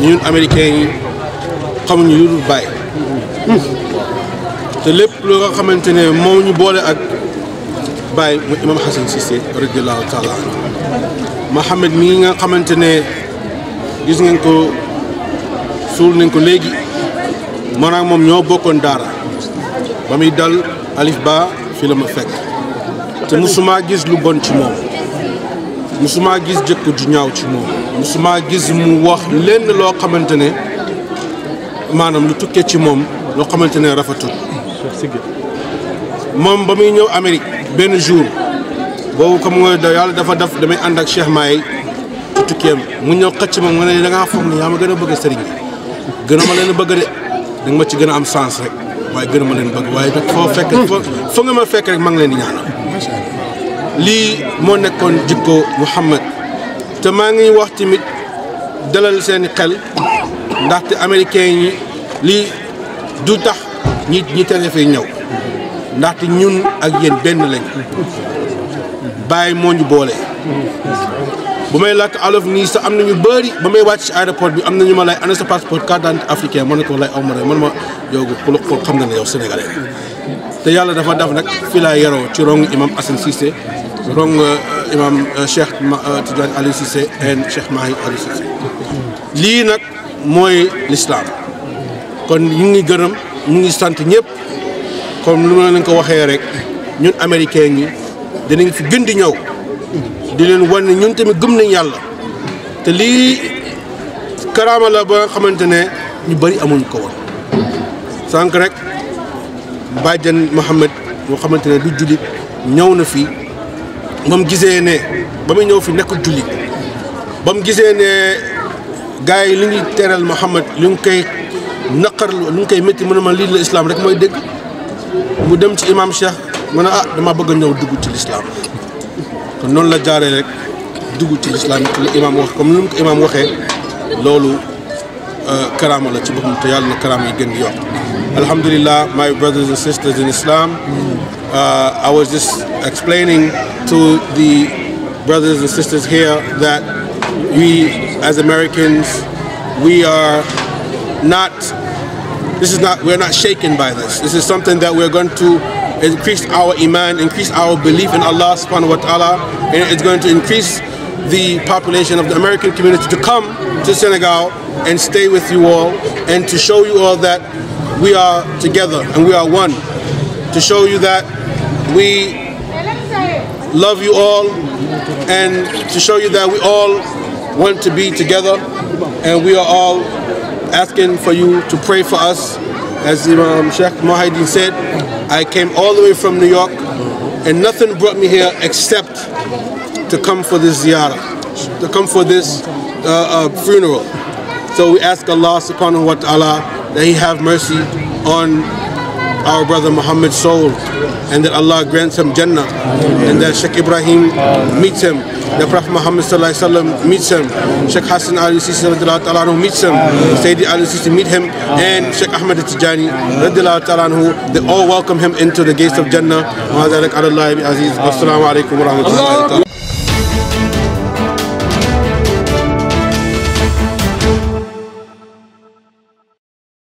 ñun américains yi xamuñu lu dul bàyyi te lépp lu nga xamante ne moom ñu boole ak bàyyi mu imam Hassan Cissé radiallahu taala anhu Mohamed mi nga xamante ne gis ngeen ko suul nañ ko léegi maanaam moom ñoo bokkoon daara ba muy dal alif ba fi la ma fekk te musuma gis lu bon ci moom musumaa gis jëkko ju ñaaw ci moom musuma gis mu wax lenn loo xamante ne maanaam lu tukkee ci moom loo xamante ne rafetul moom ba muy ñëw Amérique benn jour boobu comme mooy da yàlla dafa def damay ànd ak Cheikh Maay ci tukkeem mu ñëw xëcc ma mu ne da ngaa foog ne yaa gën a bëgg sëriñ bi gën ma leen bëgg de da ma ci gën a am sens rek waaye gën a ma leen waaye nag fekk foo nga ngi leen di ñaanal lii moo nekkoon jikko Mouhamed te maa ngi wax tamit dalal seeni xel ndaxte américains yi lii du tax ñi ñi tere fee ñëw ndaxte ñun ak yën benn lañ bàyyi moo ñu boole. bu may làkk olof nii sa am na ñu bëri ba may wàcc ci aéroport bi am na ñu ma lay ana sa passeport carte d'identité africain ma ne ko lay aw ma man ma yow ko xam nga ne yow sénégalais te yàlla dafa def nag fii laa yaroo ci rong imam Assane Cissé rong. imam euh, Cheikh euh, lii nag mooy lislaam kon ñu ngi gërëm ñu ngi sant ñépp comme lu ma leen ko waxee rek ñun américain yi dinañ fi gën di ñëw di leen wan ne ñun tamit gëm nañ yàlla te lii karaama la ba nga xamante ne ñu bari amuñ ko woon sànq rek bàjjan Mohamed moo xamante ne du jullit ñëw na fii ba mu gisee ne ba ñëw fi nekkul julli bam mu gisee ne gars li ngi teral mohammed li ñu kay naqar lu ñu kay métti mëna ne ma lii la rek moy dégg mu dem ci imam Cheikh mëna ah dama bëgg ñëw dugg ci l'islam kon non la jaaré rek dugg ci l'islam li imam wax comme ni mu ko imam waxee loolu karaama la ci boppam te yàlla na karaama yi gën di yokk alhamdulillah my brothers and sisters in Islam uh, I was just explaining to the brothers and sisters here that we, as Americans, we are not. This is not. We're not shaken by this. This is something that we're going to increase our iman, increase our belief in Allah subhanahu wa ta'ala, and it's going to increase the population of the American community to come to Senegal and stay with you all and to show you all that we are together and we are one. To show you that we love you all and to show you that we all want to be together and we are all asking for you to pray for us. As Imam Sheikh Muhaydin said, I came all the way from New York and nothing brought me here except to come for this ziyarah, to come for this uh, uh, funeral. So we ask Allah subhanahu wa ta'ala that He have mercy on our brother Muhammad's soul and that Allah grants him Jannah and that Sheikh Ibrahim meets him the Prophet Muhammad meets him Sheikh Hassan Ali Sisi meets him Sayyidi Ali Sisi meet him and Sheikh Ahmed Tijani they all welcome him into the gates of Jannah وهذا لك على الله